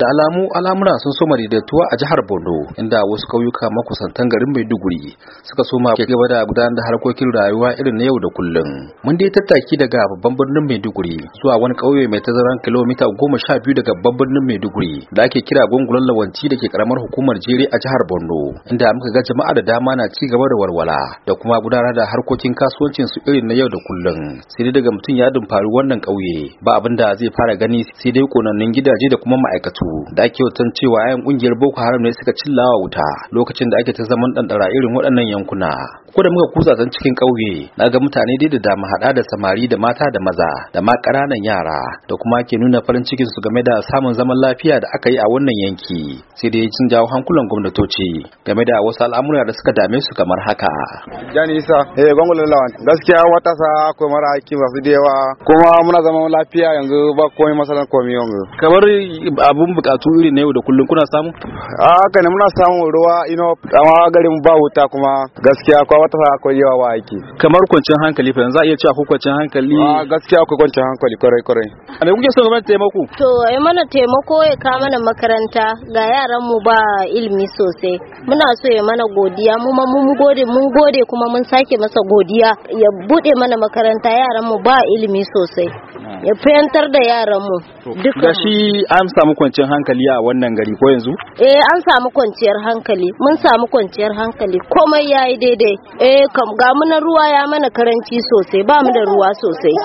da alamu al'amura sun soma daidaituwa a jihar borno inda wasu ƙauyuka makusantan garin maiduguri suka soma ke gaba da gudanar da harkokin rayuwa irin na yau da kullum mun dai tattaki daga babban birnin maiduguri zuwa wani ƙauye mai tazaran kilomita goma sha biyu daga babban birnin maiduguri da ake kira gungulan lawanci da ke karamar hukumar jere a jihar borno inda muka ga jama'a da dama na ci gaba da walwala da kuma gudanar da harkokin kasuwancin su irin na yau da kullum sai dai daga mutum ya dumfari wannan ƙauye ba abin da zai fara gani sai dai konannin gidaje da kuma ma'aikatu Plateau da ake watan cewa ayan kungiyar Boko Haram ne suka cillawa wuta lokacin da ake ta zaman ɗanɗara irin waɗannan yankuna. Ko da muka kusa zan cikin ƙauye na ga mutane dai da dama haɗa da samari da mata da maza da ma ƙananan yara da kuma ke nuna farin cikin su game da samun zaman lafiya da aka yi a wannan yanki. Sai dai sun jawo hankulan gwamnatoci game da wasu al'amura da suka dame su kamar haka. Jani Isa, eh gwamnatin Lawan, gaskiya sa akwai mara aiki masu da yawa kuma muna zaman lafiya yanzu ba komai masalan komai yanzu. Kamar abun bukatu irin na yau da kullum kuna samu a haka ne muna samun ruwa ino amma garin ba wuta kuma gaskiya kwa wata fa akwai yawa wa aiki kamar kwancin hankali fa yanzu a iya cewa ko kwancin hankali a gaskiya akwai kwancin hankali kwarai kwarai a me kuke son gwamnati taimako to ai mana taimako ya ka mana makaranta ga yaran mu ba ilimi sosai muna so ya mana godiya mu ma mun gode mun gode kuma mun sake masa godiya ya bude mana makaranta yaran mu ba ilimi sosai ya fayantar da yaran mu. da shi an samu kwanciyar hankali a wannan gari ko yanzu eh an samu kwanciyar hankali mun samu kwanciyar hankali komai yayi daidai eh kam ga mu na ruwa ya mana karanci sosai ba mu da ruwa sosai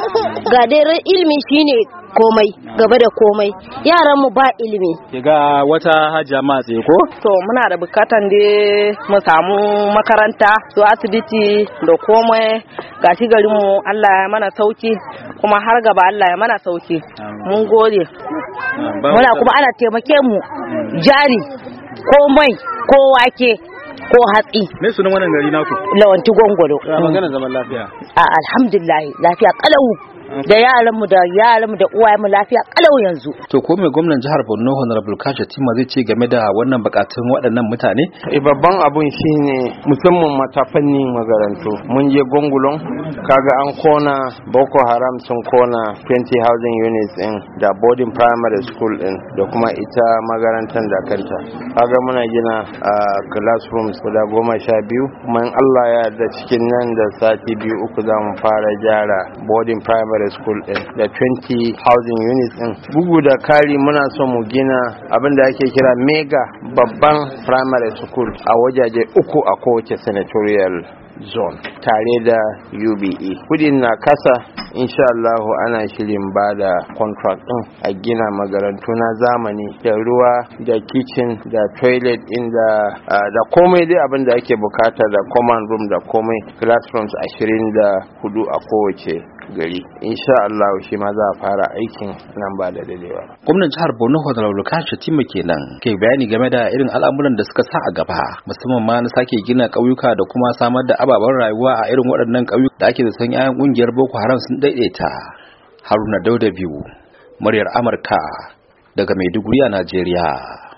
ga dai ilimi shine komai gaba da komai yaran mu ba ilimi ga wata hajja ma tsaye ko to muna da bukatan da mu samu makaranta su asibiti da komai gashi garin mu Allah ya mana sauki kuma har gaba Allah ya mana sauki mun gode muna kuma ana taimake mu mm. jari komai ko wake ko hatsi. Me sunan wannan gari naku? Lawanti Gongolo. Magana zaman lafiya. Alhamdulillah lafiya kalau. da yaranmu da yaranmu da uwayenmu lafiya kalau yanzu to ko mai gwamnan jihar Borno Honorable Kashi Tima zai ce game da wannan bukatun waɗannan mutane e babban abun shine musamman matafannin magarantu mun je gongulon kaga an kona Boko Haram sun kona 20 housing units in da boarding primary school in da kuma ita magarantar da kanta kaga muna gina a classrooms guda goma sha biyu kuma in Allah ya yarda cikin nan da sati biyu uku za mu fara gyara boarding primary primary school din da 20 housing units din bugu da kari muna so mu gina abin da ake kira mega babban primary school a wajaje uku a kowace senatorial zone tare da ube kudin na kasa insha Allah ana shirin ba da contract din a gina magarantu na zamani da ruwa da kitchen da toilet in da da komai dai abin da ake bukata da common room da komai classrooms ashirin da hudu a kowace gari insha Allah shi ma za a fara aikin nan ba da dalewa. gwamnan jihar Borno Honorable Lukas tima kenan kai bayani game da irin al'amuran da suka sa a gaba musamman ma na sake gina ƙauyuka da kuma samar da ababen rayuwa a irin waɗannan ƙauyuka da ake da san 'ya'yan ƙungiyar Boko Haram sun daidaita Haruna Dauda biyu muryar Amurka daga Maiduguri a Najeriya